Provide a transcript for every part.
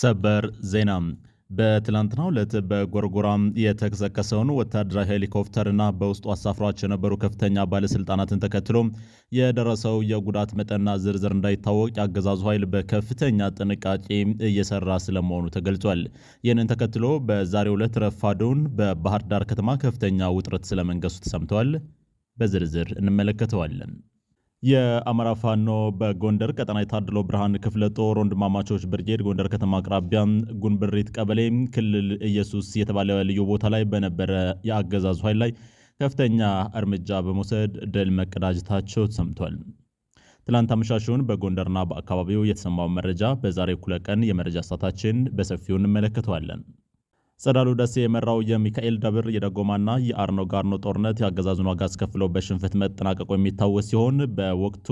ሰበር ዜና በትላንትናው ዕለት በጎርጎራም የተከሰከሰውን ወታደራዊ ሄሊኮፕተርና በውስጡ አሳፍሯቸው የነበሩ ከፍተኛ ባለስልጣናትን ተከትሎ የደረሰው የጉዳት መጠንና ዝርዝር እንዳይታወቅ የአገዛዙ ኃይል በከፍተኛ ጥንቃቄ እየሰራ ስለመሆኑ ተገልጿል። ይህንን ተከትሎ በዛሬው ዕለት ረፋዱን በባህር ዳር ከተማ ከፍተኛ ውጥረት ስለመንገሱ ተሰምተዋል። በዝርዝር እንመለከተዋለን። የአማራ ፋኖ በጎንደር ቀጠና የታድሎ ብርሃን ክፍለ ጦር ወንድማማቾች ብርጌድ ጎንደር ከተማ አቅራቢያ ጉንብሪት ቀበሌ ክልል ኢየሱስ የተባለ ልዩ ቦታ ላይ በነበረ የአገዛዙ ኃይል ላይ ከፍተኛ እርምጃ በመውሰድ ድል መቀዳጀታቸው ተሰምቷል። ትላንት አመሻሹን በጎንደርና በአካባቢው የተሰማው መረጃ በዛሬ እኩለ ቀን የመረጃ ሰዓታችን በሰፊው እንመለከተዋለን። ጸዳሉ ደሴ የመራው የሚካኤል ደብር የደጎማና የአርኖ ጋርኖ ጦርነት የአገዛዙን ዋጋ አስከፍለው በሽንፈት መጠናቀቁ የሚታወስ ሲሆን በወቅቱ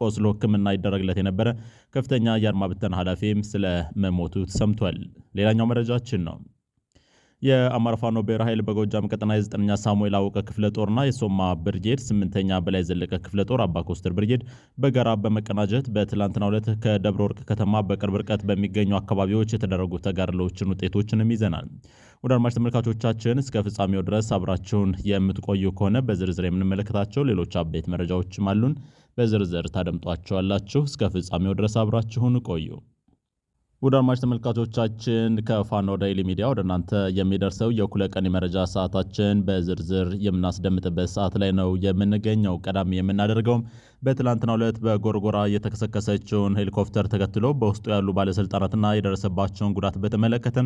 ቆስሎ ሕክምና ይደረግለት የነበረ ከፍተኛ የአድማ ብተን ኃላፊም ስለ መሞቱ ተሰምቷል። ሌላኛው መረጃችን ነው። የአማራ ፋኖ ብሔር ኃይል በጎጃም ቀጠና የ 9 ሳሙኤል አወቀ ክፍለ ጦርና የሶማ ብርጌድ ስምንተኛ በላይ ዘለቀ ክፍለ ጦር አባ ኮስተር ብርጌድ በጋራ በመቀናጀት በትላንትናው ዕለት ከደብረ ወርቅ ከተማ በቅርብ ርቀት በሚገኙ አካባቢዎች የተደረጉ ተጋድሎችን ውጤቶችንም ይዘናል። ወደ አድማጭ ተመልካቾቻችን እስከ ፍጻሜው ድረስ አብራችሁን የምትቆዩ ከሆነ በዝርዝር የምንመለከታቸው ሌሎች አበይት መረጃዎችም አሉን። በዝርዝር ታደምጧቸዋላችሁ። እስከ ፍጻሜው ድረስ አብራችሁን ቆዩ። ወደ አድማጭ ተመልካቾቻችን ከፋኖ ዳይሊ ሚዲያ ወደ እናንተ የሚደርሰው የእኩለ ቀን የመረጃ ሰዓታችን በዝርዝር የምናስደምጥበት ሰዓት ላይ ነው የምንገኘው። ቀዳሚ የምናደርገውም በትላንትናው ዕለት በጎርጎራ የተከሰከሰችውን ሄሊኮፕተር ተከትሎ በውስጡ ያሉ ባለስልጣናትና የደረሰባቸውን ጉዳት በተመለከተ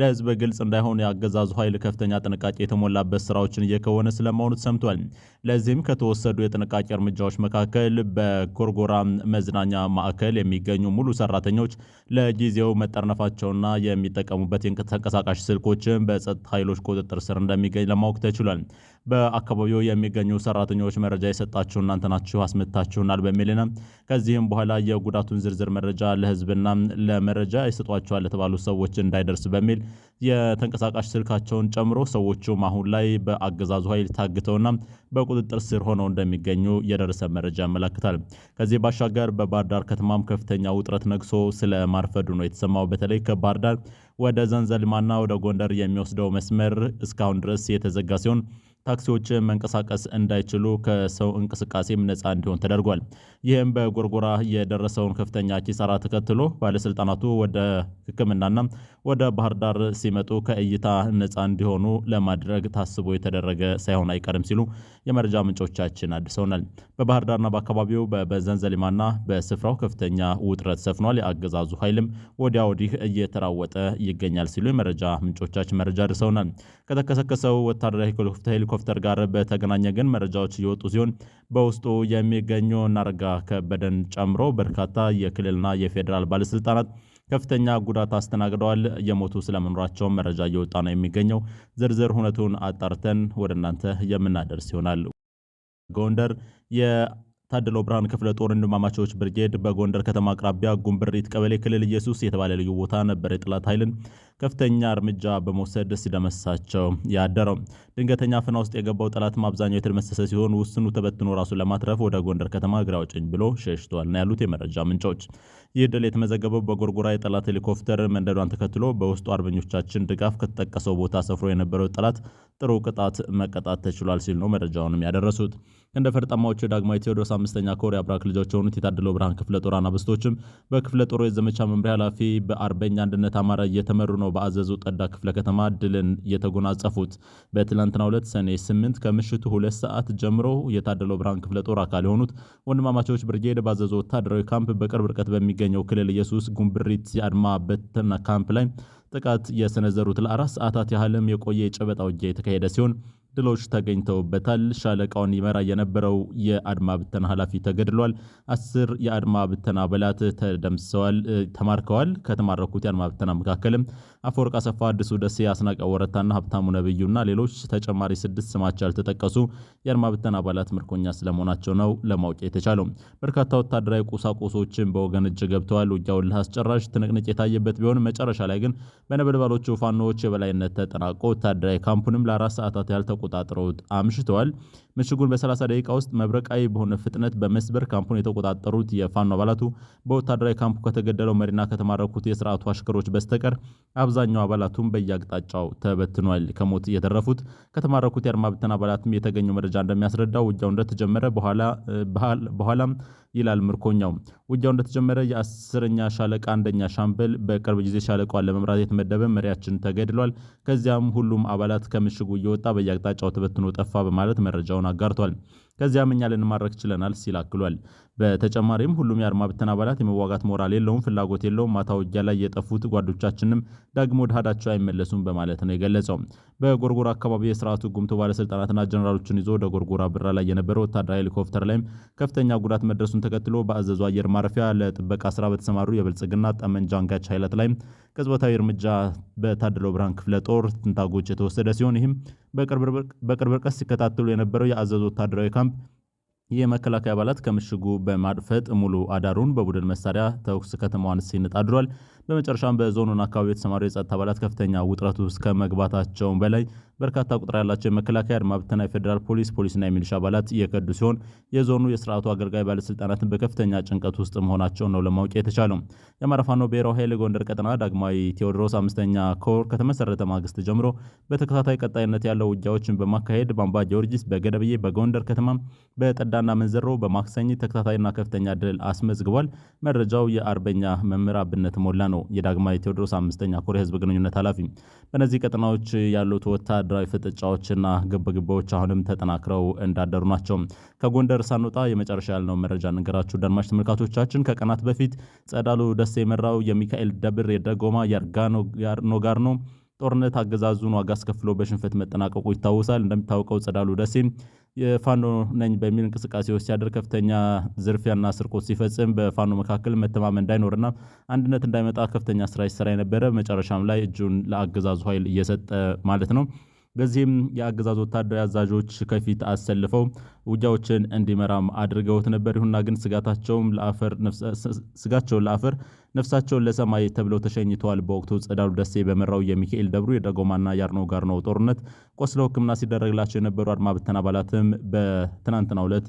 ለህዝብ ግልጽ እንዳይሆን የአገዛዙ ኃይል ከፍተኛ ጥንቃቄ የተሞላበት ስራዎችን እየከወነ ስለመሆኑ ሰምቷል። ለዚህም ከተወሰዱ የጥንቃቄ እርምጃዎች መካከል በጎርጎራ መዝናኛ ማዕከል የሚገኙ ሙሉ ሰራተኞች ለጊዜው መጠርነፋቸውና የሚጠቀሙበት ተንቀሳቃሽ ስልኮችን በጸጥታ ኃይሎች ቁጥጥር ስር እንደሚገኝ ለማወቅ ተችሏል። በአካባቢው የሚገኙ ሰራተኞች መረጃ የሰጣችሁ እናንተ ናችሁ አስመታችሁናል በሚልና ከዚህም በኋላ የጉዳቱን ዝርዝር መረጃ ለህዝብና ለመረጃ ይሰጧቸዋል የተባሉ ሰዎች እንዳይደርስ በሚል የተንቀሳቃሽ ስልካቸውን ጨምሮ ሰዎቹም አሁን ላይ በአገዛዙ ኃይል ታግተውና በቁጥጥር ስር ሆነው እንደሚገኙ የደረሰ መረጃ ያመላክታል። ከዚህ ባሻገር በባህር ዳር ከተማም ከፍተኛ ውጥረት ነግሶ ስለ ማርፈዱ ነው የተሰማው። በተለይ ከባህር ዳር ወደ ዘንዘልማና ወደ ጎንደር የሚወስደው መስመር እስካሁን ድረስ የተዘጋ ሲሆን ታክሲዎች መንቀሳቀስ እንዳይችሉ ከሰው እንቅስቃሴም ነፃ እንዲሆን ተደርጓል። ይህም በጎርጎራ የደረሰውን ከፍተኛ ኪሳራ ተከትሎ ባለስልጣናቱ ወደ ሕክምናና ወደ ባህር ዳር ሲመጡ ከእይታ ነፃ እንዲሆኑ ለማድረግ ታስቦ የተደረገ ሳይሆን አይቀርም ሲሉ የመረጃ ምንጮቻችን አድርሰውናል። በባህር ዳርና በአካባቢው በበዘንዘሊማና በስፍራው ከፍተኛ ውጥረት ሰፍኗል። የአገዛዙ ኃይልም ወዲያ ወዲህ እየተራወጠ ይገኛል ሲሉ የመረጃ ምንጮቻችን መረጃ አድርሰውናል። ከተከሰከሰው ወታደራዊ ሄሊኮፕተር ሄሊኮፕተር ጋር በተገናኘ ግን መረጃዎች እየወጡ ሲሆን በውስጡ የሚገኙ እናርጋ ከበደን ጨምሮ በርካታ የክልልና የፌዴራል ባለስልጣናት ከፍተኛ ጉዳት አስተናግደዋል። የሞቱ ስለመኖራቸው መረጃ እየወጣ ነው የሚገኘው። ዝርዝር ሁነቱን አጣርተን ወደ እናንተ የምናደርስ ይሆናል። ጎንደር የታደለው ብርሃን ክፍለ ጦር ወንድማማቾች ብርጌድ በጎንደር ከተማ አቅራቢያ ጉንብሪት ቀበሌ ክልል ኢየሱስ የተባለ ልዩ ቦታ ነበር የጠላት ኃይልን ከፍተኛ እርምጃ በመውሰድ ሲደመሳቸው ያደረው። ድንገተኛ አፈና ውስጥ የገባው ጠላትም አብዛኛው የተደመሰሰ ሲሆን ውስኑ ተበትኖ ራሱን ለማትረፍ ወደ ጎንደር ከተማ ግራ አውጭኝ ብሎ ሸሽቷል ነው ያሉት የመረጃ ምንጮች። ይህ ድል የተመዘገበው በጎርጎራ የጠላት ሄሊኮፕተር መንደዷን ተከትሎ በውስጡ አርበኞቻችን ድጋፍ ከተጠቀሰው ቦታ ሰፍሮ የነበረው ጠላት ጥሩ ቅጣት መቀጣት ተችሏል ሲል ነው መረጃውንም ያደረሱት። እንደ ፈርጣማዎቹ የዳግማዊ ቴዎድሮስ አምስተኛ ኮር የአብራክ ልጆች የሆኑት የታደለው ብርሃን ክፍለ ጦር አናብስቶችም በክፍለ ጦሩ የዘመቻ መምሪያ ኃላፊ በአርበኛ አንድነት አማራ እየተመሩ ነው ነው በአዘዙ ጠዳ ክፍለ ከተማ ድልን የተጎናጸፉት። በትላንትና ሁለት ሰኔ 8 ከምሽቱ ሁለት ሰዓት ጀምሮ የታደለው ብርሃን ክፍለ ጦር አካል የሆኑት ወንድማማቾች ብርጌድ በአዘዞ ወታደራዊ ካምፕ በቅርብ ርቀት በሚገኘው ክልል ኢየሱስ ጉንብሪት የአድማ በተና ካምፕ ላይ ጥቃት የሰነዘሩት ለአራት ሰዓታት ያህልም የቆየ የጨበጣ ውጊያ የተካሄደ ሲሆን ድሎች ተገኝተውበታል። ሻለቃውን ይመራ የነበረው የአድማ ብተና ኃላፊ ተገድሏል። አስር የአድማ ብተና አባላት ተደምስሰዋል፣ ተማርከዋል። ከተማረኩት የአድማ ብተና መካከልም አፈወርቅ አሰፋ፣ አዲሱ ደሴ፣ አስናቀ ወረታና ሀብታሙ ነብዩና ሌሎች ተጨማሪ ስድስት ስማቸው ያልተጠቀሱ የአድማ ብተና አባላት ምርኮኛ ስለመሆናቸው ነው ለማወቅ የተቻለው። በርካታ ወታደራዊ ቁሳቁሶችን በወገን እጅ ገብተዋል። ውጊያውን እልህ አስጨራሽ ትንቅንቅ የታየበት ቢሆን መጨረሻ ላይ ግን በነበልባሎቹ ፋኖዎች የበላይነት ተጠናቆ ወታደራዊ ካምፑንም ለአራት ሰዓታት ያልተቆ ተቆጣጥረውት አምሽተዋል። ምሽጉን በ30 ደቂቃ ውስጥ መብረቃዊ በሆነ ፍጥነት በመስበር ካምፑን የተቆጣጠሩት የፋኖ አባላቱ በወታደራዊ ካምፑ ከተገደለው መሪና ከተማረኩት የስርዓቱ አሽከሮች በስተቀር አብዛኛው አባላቱም በየአቅጣጫው ተበትኗል። ከሞት የተረፉት ከተማረኩት የአድማ ብተና አባላትም የተገኘው መረጃ እንደሚያስረዳው ውጊያው እንደተጀመረ በኋላም ይላል ምርኮኛው ውጊያው እንደተጀመረ የአስረኛ ሻለቃ አንደኛ ሻምበል በቅርብ ጊዜ ሻለቃዋን ለመምራት የተመደበ መሪያችን ተገድሏል። ከዚያም ሁሉም አባላት ከምሽጉ እየወጣ በየአቅጣጫው ተበትኖ ጠፋ በማለት መረጃውን አጋርቷል። ከዚያም እኛ ልንማረክ ችለናል ሲል አክሏል። በተጨማሪም ሁሉም የአድማ ብተና አባላት የመዋጋት ሞራል የለውም፣ ፍላጎት የለውም። ማታ ውጊያ ላይ የጠፉት ጓዶቻችንም ዳግሞ ወደ ሀዳቸው አይመለሱም በማለት ነው የገለጸው። በጎርጎራ አካባቢ የስርዓቱ ጉምቱ ባለስልጣናትና ጀኔራሎችን ይዞ ወደ ጎርጎራ ብራ ላይ የነበረ ወታደራዊ ሄሊኮፕተር ላይም ከፍተኛ ጉዳት መድረሱን ተከትሎ በአዘዙ አየር ማረፊያ ለጥበቃ ስራ በተሰማሩ የብልጽግና ጠመንጃ አንጋች ኃይላት ላይ ቅጽበታዊ እርምጃ በታደለው ብርሃን ክፍለ ጦር ትንታጎች የተወሰደ ሲሆን ይህም በቅርብ ርቀት ሲከታተሉ የነበረው የአዘዙ ወታደራዊ ካምፕ የመከላከያ አባላት ከምሽጉ በማድፈጥ ሙሉ አዳሩን በቡድን መሳሪያ ተኩስ ከተማዋን ሲንጥ አድሯል። በመጨረሻም በዞኑን አካባቢ የተሰማሩ የጸጥታ አባላት ከፍተኛ ውጥረት ውስጥ ከመግባታቸውን በላይ በርካታ ቁጥር ያላቸው የመከላከያ አድማ ብተና፣ የፌዴራል ፖሊስ፣ ፖሊስና የሚሊሻ አባላት እየከዱ ሲሆን የዞኑ የስርዓቱ አገልጋይ ባለስልጣናትን በከፍተኛ ጭንቀት ውስጥ መሆናቸውን ነው ለማወቅ የተቻለው። የአማራ ፋኖ ብሔራዊ ኃይል ጎንደር ቀጠና ዳግማዊ ቴዎድሮስ አምስተኛ ኮር ከተመሰረተ ማግስት ጀምሮ በተከታታይ ቀጣይነት ያለው ውጊያዎችን በማካሄድ በአምባ ጊዮርጊስ፣ በገደብዬ፣ በጎንደር ከተማ በጠዳ ሻለቃና መንዘሮ በማክሰኝ ተከታታይና ከፍተኛ ድል አስመዝግቧል። መረጃው የአርበኛ መምህር አብነት ሞላ ነው፣ የዳግማዊ ቴዎድሮስ አምስተኛ ኮር የህዝብ ግንኙነት ኃላፊ። በእነዚህ ቀጠናዎች ያሉት ወታደራዊ ፍጥጫዎችና ግብግቦች አሁንም ተጠናክረው እንዳደሩ ናቸው። ከጎንደር ሳንወጣ የመጨረሻ ያልነው መረጃ ንገራችሁ ደርማሽ ተመልካቾቻችን። ከቀናት በፊት ጸዳሉ ደሴ የመራው የሚካኤል ደብር የደጎማ የአርኖ ጋር ነው ጦርነት አገዛዙን ዋጋ አስከፍሎ በሽንፈት መጠናቀቁ ይታወሳል። እንደሚታወቀው ጸዳሉ ደሴ የፋኖ ነኝ በሚል ውስጥ ሲያደርግ ከፍተኛ ዝርፊያና ስርቆት ሲፈጽም በፋኖ መካከል መተማመን እንዳይኖርና አንድነት እንዳይመጣ ከፍተኛ ስራ ይሰራ የነበረ መጨረሻም ላይ እጁን ለአገዛዙ ኃይል እየሰጠ ማለት ነው። በዚህም የአገዛዝ ወታደራዊ አዛዦች ከፊት አሰልፈው ውጊያዎችን እንዲመራም አድርገውት ነበር። ይሁና ግን ስጋቸውን ለአፈር ነፍሳቸውን ለሰማይ ተብለው ተሸኝተዋል። በወቅቱ ጸዳሉ ደሴ በመራው የሚካኤል ደብሩ የደጎማና የአርኖ ነው ጦርነት ቆስለው ሕክምና ሲደረግላቸው የነበሩ አድማ ብተን አባላትም በትናንትናው ዕለት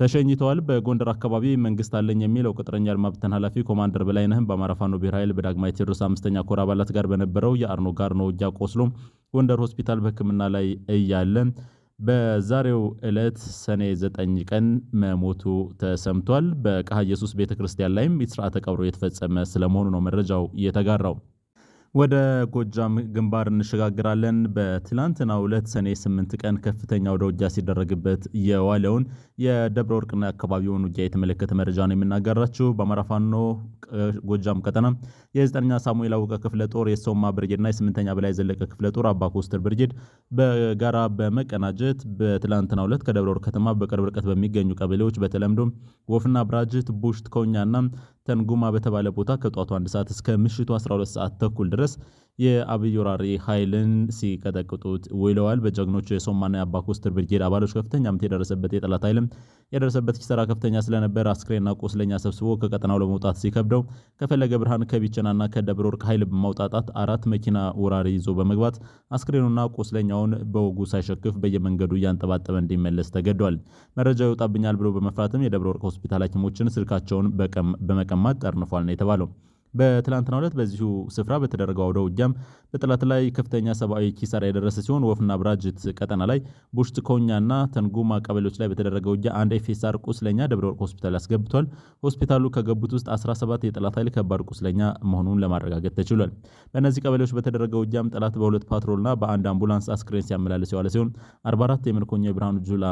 ተሸኝተዋል። በጎንደር አካባቢ መንግስት አለኝ የሚለው ቅጥረኛ አድማ ኃላፊ ኮማንደር በላይነህም በአማራ ፋኖ ብሔራዊ ኃይል በዳግማዊ ቴዎድሮስ አምስተኛ ኮር አባላት ጋር በነበረው የአርኖ ጋር ነው እጃ ቆስሎ ጎንደር ሆስፒታል በሕክምና ላይ እያለ በዛሬው ዕለት ሰኔ ዘጠኝ ቀን መሞቱ ተሰምቷል። በቃሃ ኢየሱስ ቤተ ክርስቲያን ላይም ስርዓተ ቀብሮ የተፈጸመ ስለመሆኑ ነው መረጃው የተጋራው። ወደ ጎጃም ግንባር እንሸጋግራለን። በትላንትና ሁለት ሰኔ 8 ቀን ከፍተኛ ወደ ውጊያ ሲደረግበት የዋለውን የደብረ ወርቅና አካባቢውን ውጊያ የተመለከተ መረጃ ነው የምናጋራችሁ። በአማራ ፋኖ ጎጃም ቀጠና የ9ኛ ሳሙኤል አወቀ ክፍለ ጦር የሰውማ ብርጌድና የ በላይ ዘለቀ ክፍለ ጦር አባ ኮስትር ብርጌድ በጋራ በመቀናጀት በትላንትና ሁለት ከደብረ ወርቅ ከተማ በቅርብ ርቀት በሚገኙ ቀበሌዎች በተለምዶ ወፍና ብራጅት፣ ቡሽት፣ ከውኛና ተንጉማ በተባለ ቦታ ከጧቱ 1 ሰዓት እስከ ምሽቱ 12 ሰዓት ተኩል ድረስ የአብይ ወራሪ ኃይልን ሲቀጠቅጡት ውለዋል። በጀግኖቹ የሶማና የአባኮስተር ብርጌድ አባሎች ከፍተኛ ምት የደረሰበት የጠላት ኃይልም የደረሰበት ኪሰራ ከፍተኛ ስለነበር አስክሬና ቁስለኛ ሰብስቦ ከቀጠናው ለመውጣት ሲከብደው ከፈለገ ብርሃን ከቢቸናና ከደብረ ወርቅ ኃይል በማውጣጣት አራት መኪና ወራሪ ይዞ በመግባት አስክሬኑና ቁስለኛውን በወጉ ሳይሸክፍ በየመንገዱ እያንጠባጠበ እንዲመለስ ተገዷል። መረጃ ይወጣብኛል ብሎ በመፍራትም የደብረ ወርቅ ሆስፒታል ሐኪሞችን ስልካቸውን በመቀማት ጠርንፏል ነው የተባለው። በትላንትና ዕለት በዚሁ ስፍራ በተደረገው አውደ ውጊያም በጠላት ላይ ከፍተኛ ሰብአዊ ኪሳራ የደረሰ ሲሆን ወፍና ብራጅት ቀጠና ላይ ቡሽት ኮኛና ተንጉማ ቀበሌዎች ላይ በተደረገ ውጊያ አንድ ኤፌሳር ቁስለኛ ደብረ ወርቅ ሆስፒታል ያስገብቷል። ሆስፒታሉ ከገቡት ውስጥ 17 የጠላት ኃይል ከባድ ቁስለኛ መሆኑን ለማረጋገጥ ተችሏል። በእነዚህ ቀበሌዎች በተደረገ ውጊያም ጠላት በሁለት ፓትሮልና በአንድ አምቡላንስ አስክሬን ሲያመላለስ የዋለ ሲሆን 44 የምርኮኛ የብርሃኑ ጁላ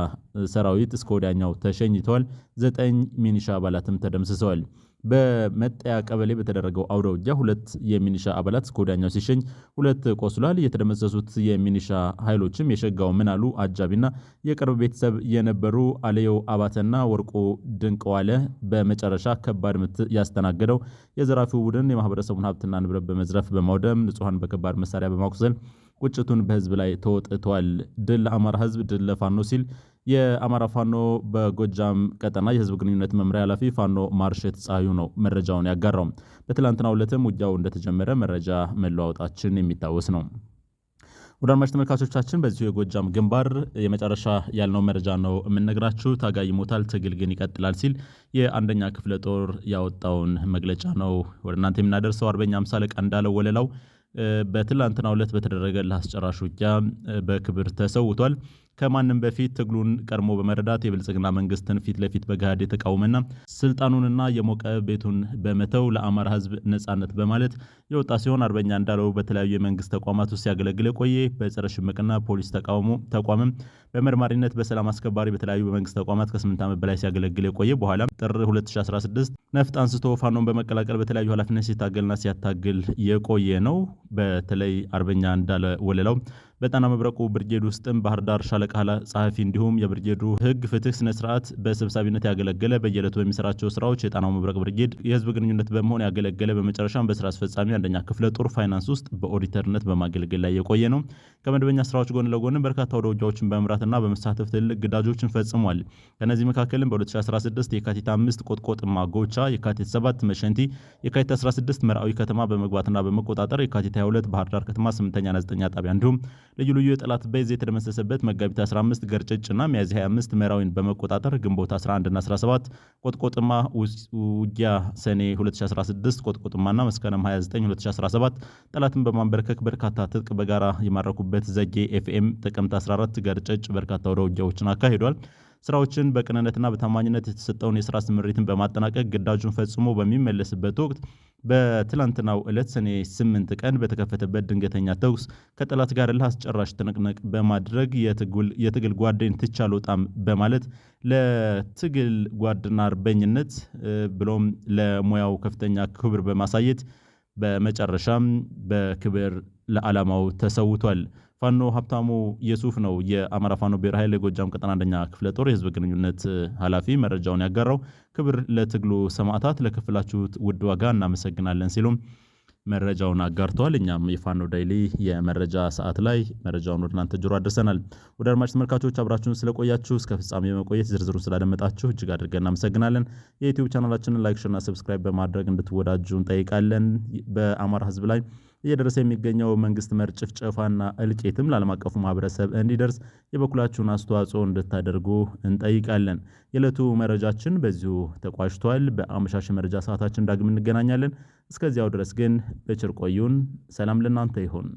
ሰራዊት እስከ ወዲያኛው ተሸኝተዋል። ዘጠኝ ሚኒሻ አባላትም ተደምስሰዋል። በመጠያ ቀበሌ በተደረገው አውደ ውጊያ ሁለት የሚኒሻ አባላት ከወዲያኛው ሲሸኝ ሁለት ቆስሏል። የተደመሰሱት የሚኒሻ ኃይሎችም የሸጋው ምናሉ አጃቢና የቅርብ ቤተሰብ የነበሩ አለየው አባተና ወርቁ ድንቀዋለ። በመጨረሻ ከባድ ምት ያስተናገደው የዘራፊው ቡድን የማህበረሰቡን ሀብትና ንብረት በመዝረፍ በማውደም ንጹሐን በከባድ መሳሪያ በማቁሰል ቁጭቱን በህዝብ ላይ ተወጥቷል። ድል አማራ ህዝብ፣ ድል ለፋኖ ሲል የአማራ ፋኖ በጎጃም ቀጠና የህዝብ ግንኙነት መምሪያ ኃላፊ ፋኖ ማርሸት ፀሐዩ ነው መረጃውን ያጋራው። በትላንትናው ዕለትም ውጊያው እንደተጀመረ መረጃ መለዋወጣችን የሚታወስ ነው። ወደ አድማጭ ተመልካቾቻችን በዚሁ የጎጃም ግንባር የመጨረሻ ያልነው መረጃ ነው የምንነግራችሁ። ታጋይ ይሞታል፣ ትግል ግን ይቀጥላል ሲል የአንደኛ ክፍለ ጦር ያወጣውን መግለጫ ነው ወደ እናንተ የምናደርሰው። አርበኛ አምሳለቃ እንዳለው ወለላው በትላንትና ዕለት በተደረገ ለአስጨራሽ ውጊያ በክብር ተሰውቷል። ከማንም በፊት ትግሉን ቀድሞ በመረዳት የብልጽግና መንግስትን ፊት ለፊት በገሃድ የተቃወመና ስልጣኑንና የሞቀ ቤቱን በመተው ለአማራ ህዝብ ነጻነት በማለት የወጣ ሲሆን አርበኛ እንዳለው በተለያዩ የመንግስት ተቋማት ውስጥ ሲያገለግል የቆየ በጸረ ሽምቅና ፖሊስ ተቃውሞ ተቋምም በመርማሪነት በሰላም አስከባሪ በተለያዩ በመንግስት ተቋማት ከስምንት ዓመት በላይ ሲያገለግል የቆየ በኋላ ጥር 2016 ነፍጥ አንስቶ ፋኖን በመቀላቀል በተለያዩ ኃላፊነት ሲታገልና ሲያታግል የቆየ ነው። በተለይ አርበኛ እንዳለ ወለላው በጣና መብረቁ ብርጌድ ውስጥም ባህር ዳር ሻለቃ ጸሐፊ እንዲሁም የብርጌዱ ህግ፣ ፍትህ፣ ስነ ስርዓት በሰብሳቢነት ያገለገለ በየዕለቱ በሚሰራቸው ስራዎች የጣናው መብረቅ ብርጌድ የህዝብ ግንኙነት በመሆን ያገለገለ በመጨረሻም በስራ አስፈጻሚ አንደኛ ክፍለ ጦር ፋይናንስ ውስጥ በኦዲተርነት በማገልገል ላይ የቆየ ነው። ከመደበኛ ስራዎች ጎን ለጎንም በርካታ ወደ ውጊያዎችን በመምራትና በመሳተፍ ትልቅ ግዳጆችን ፈጽሟል። ከእነዚህ መካከልም በ2016 የካቲት 5 ቆጥቆጥ ማጎቻ፣ የካቲት 7 መሸንቲ፣ የካቲት 16 መርአዊ ከተማ በመግባትና በመቆጣጠር የካቲት 22 ባህርዳር ከተማ 8ኛና 9ኛ ጣቢያ እንዲሁም ልዩ ልዩ የጠላት በይዝ የተደመሰሰበት መጋቢት 15 ገርጨጭና ሚያዚ 25 መራዊን በመቆጣጠር ግንቦት 11ና 17 ቆጥቆጥማ ውጊያ ሰኔ 2016 ቆጥቆጥማና መስከረም 29 2017 ጠላትን በማንበርከክ በርካታ ትጥቅ በጋራ የማረኩበት ዘጌ ኤፍኤም ጥቅምት 14 ገርጨጭ በርካታ ወደ ውጊያዎችን አካሂዷል። ስራዎችን በቅንነትና በታማኝነት የተሰጠውን የስራ ስምሪትን በማጠናቀቅ ግዳጁን ፈጽሞ በሚመለስበት ወቅት በትላንትናው ዕለት ሰኔ 8 ቀን በተከፈተበት ድንገተኛ ተኩስ ከጠላት ጋር እልህ አስጨራሽ ትንቅንቅ በማድረግ የትግል ጓደኝ ትቻ አልወጣም በማለት ለትግል ጓድና አርበኝነት ብሎም ለሙያው ከፍተኛ ክብር በማሳየት በመጨረሻም በክብር ለዓላማው ተሰውቷል። ፋኖ ሀብታሙ የሱፍ ነው የአማራ ፋኖ ብሔራዊ ኃይል የጎጃም ቀጠና አንደኛ ክፍለ ጦር የህዝብ ግንኙነት ኃላፊ መረጃውን ያጋራው። ክብር ለትግሉ ሰማዕታት፣ ለከፈላችሁት ውድ ዋጋ እናመሰግናለን ሲሉም መረጃውን አጋርተዋል። እኛም የፋኖ ዳይሊ የመረጃ ሰዓት ላይ መረጃውን ወደ እናንተ ጆሮ አድርሰናል። ወደ አድማጭ ተመልካቾች አብራችሁን ስለቆያችሁ እስከ ፍጻሜ በመቆየት ዝርዝሩን ስላደመጣችሁ እጅግ አድርገን እናመሰግናለን። የዩቲዩብ ቻናላችንን ላይክ፣ ሽርና ሰብስክራይብ በማድረግ እንድትወዳጁ እንጠይቃለን። በአማራ ህዝብ ላይ እየደረሰ የሚገኘው መንግስት መር ጭፍጨፋና እልቂትም ለዓለም አቀፉ ማህበረሰብ እንዲደርስ የበኩላችሁን አስተዋጽኦ እንድታደርጉ እንጠይቃለን። የዕለቱ መረጃችን በዚሁ ተቋጭቷል። በአመሻሽ መረጃ ሰዓታችን ዳግም እንገናኛለን። እስከዚያው ድረስ ግን በቸር ቆዩን። ሰላም ለእናንተ ይሁን።